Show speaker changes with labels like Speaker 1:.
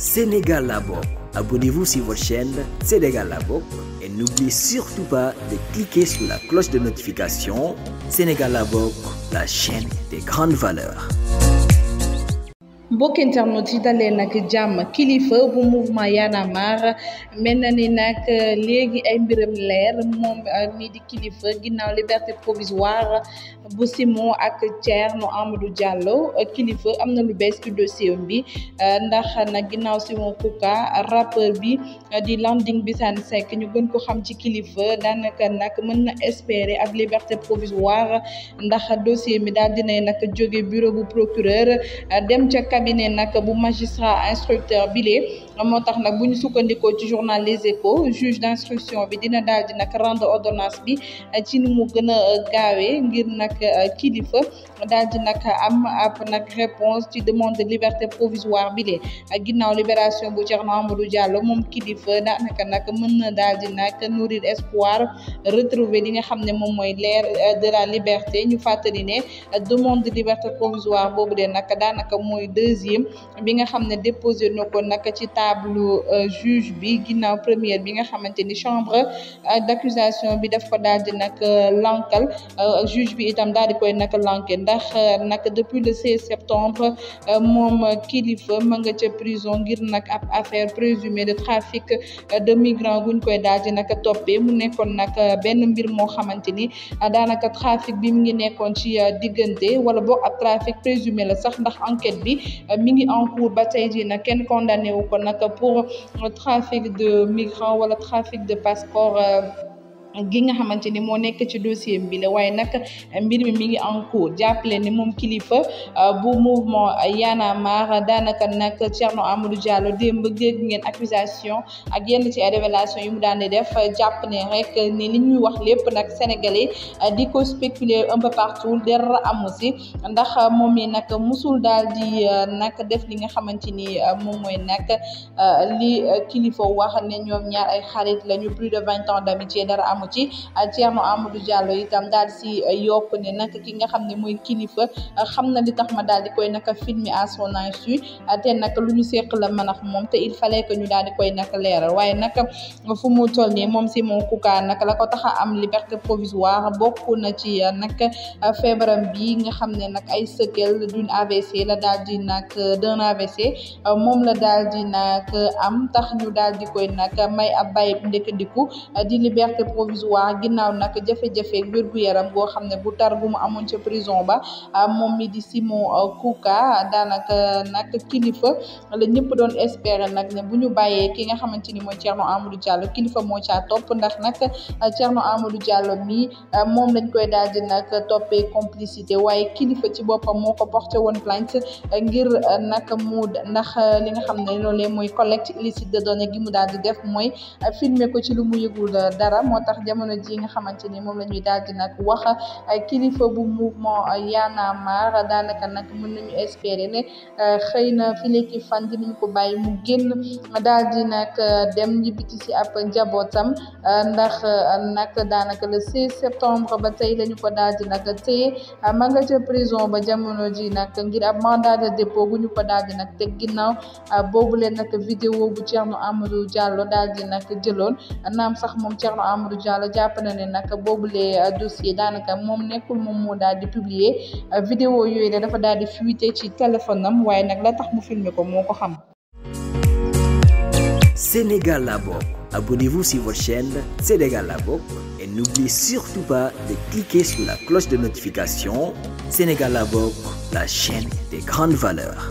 Speaker 1: Sénégal la abonnez-vous sur votre chaîne Sénégal la et n'oubliez surtout pas de cliquer sur la cloche de notification Sénégal Labok, la chaîne des grandes valeurs
Speaker 2: mbokk internet yi dalee nag jàmm kilifa bu mouvement Y'en mel na ni nag léegi ay mbiram leer moom euh, mii di kilifa ginnaaw liberté provisoire bu Simon ak Thierno Amadou Diallo kilifa am na lu bes ci dossier bi euh, ndax na ginnaaw Simon Kouka rappeur bi euh, di Landing Bisane Seck ñu gën ko xam ci kilifa daanaka nag mën na espérer ak liberté provisoire ndax dossier bi daal dinay nag jóge bureau bu procureur dem ca cabinet cabinet nak bu magistrat instructeur Billet moo tax nag bu ñu sukkandikoo ci journal Les Échos juge d' instruction bi dina daal di nag rendre ordonnance bi euh, ci ni mu gën a euh, gaawee ngir nag euh, kilifa daal di nag am ab nag réponse ci demande de liberté provisoire bi lee ak ginnaaw libération bu Thierno Amadou Diallo moom kilifa daanaka nag mën na daal di nag nourrir espoir retrouver li nga xam ne moom mooy de la liberté ñu fàttali ne demande de liberté provisoire boobu de nag daanaka mooy deuxième bi nga xam ne déposé na ko nag ci table euh, juge bi ginnaaw première bi nga xamante ni chambre euh, d'accusation bi daf ko daal di nag euh, lankal juge bi itam daal di koy nag lanke ndax nag depuis le 16 septembre moom kilifa ma nga ca prison ngir nag ab affaire présumée de trafic de migrants guñ koy daal di nag toppee mu nekkoon nag benn mbir moo xamante ni daanaka trafic bi mu ngi nekkoon ci diggante wala boog ab trafic présumé la sax ndax enquête bi mi ngi en cours ba tey jii nag kenn condamné wu ko pour le trafic de migrants ou le trafic de passeports euh, gi nga xamante ni moo nekk ci dossier bi la waaye nag mbir mi mi ngi en cours jàppale ni moom kilifa euh, bu mouvement Y'en a marre daanaka nag Thierno Amadou Diallo démb dégg ngeen accusation ak yenn ci révélation yu mu daan di def jàpp ne rek ni li ñuy wax lépp nag sénégalais euh, di ko spéculer un peu partout dara amu si ndax moom mi nag musul daal di euh, nag def li nga xamante ni moom mooy nag li kilifa wax ne ñoom ñaar ay xarit lañu plus de 20 ans d'amitié dara am amu ci ci amu amadou diallo itam dal si yok ne nak ki nga xamne moy kilifa li tax ma dal di koy nak film à son insu te nak luñu ñu la manax mom moom te il fallait que ñu dal di koy naka leeral waye nak eh, fu mu toll ni mom si mo kuka nak la ko tax am liberté provisoire bokku na ci nak eh, feebaram bi nga xamne nak ay sekel d'une AVC la dal di nak eh, d'un AVC mom la dal di nak am tax ñu dal di koy nak may ab bay ndek diku di liberté provisoire provisoire ginnaaw nag jafe-jafe wér-gu-yaram goo xam ne bu tar gu mu amoon ca prison ba ah, moom mi di Simon ah, Kouka daanaka ah, nag kilifa la ñëpp doon espérer nag ne bu ñu bàyyee ki nga xamante ni mooy Thierno Amadou Diallo kilifa moo caa topp ndax nag Thierno Amadou Diallo mi moom lañ koy daal di nag toppee complicité waaye kilifa ci boppam moo ko porté woon plainte ngir nag mu ndax li nga xam ne loolee mooy collecte illicite de données gi mu daal di def mooy filmer ko ci lu mu yëgul dara moo tax jamono ji nga xamante ni moom la ñuy daal di nag wax kilifa bu mouvement Y'en a marre daanaka nag mën nañu espérer ne euh, xëy na fi léegi fan dinañ ko bàyyi mu génn daal di nag euh, dem ñibbiti si ab njabootam euh, ndax nag daanaka le 16 septembre ba tey lañu ko daal di nag téye ma nga ca prison ba jamono ji nag ngir ab mandat de dépôt gu ñu ko daal di nag teg ginnaaw boobu leen nag vidéo bu Thierno Amadou Diallo daal di nag jëloon naam sax moom Thierno Amadou Diallo Diallo jàpp na ne nag boobule euh, dossier daanaka moom nekkul moom moo daal di publier euh, vidéo yooyu dafa daal di fuité ci téléphone am waaye nag la tax mu filmer ko moo ko xam.
Speaker 1: Sénégal la bokk abonnez-vous sur votre chaîne Sénégal la bokk et n'oubliez surtout pas de cliquer sur la cloche de notification Sénégal la bokk la chaîne des grandes valeurs.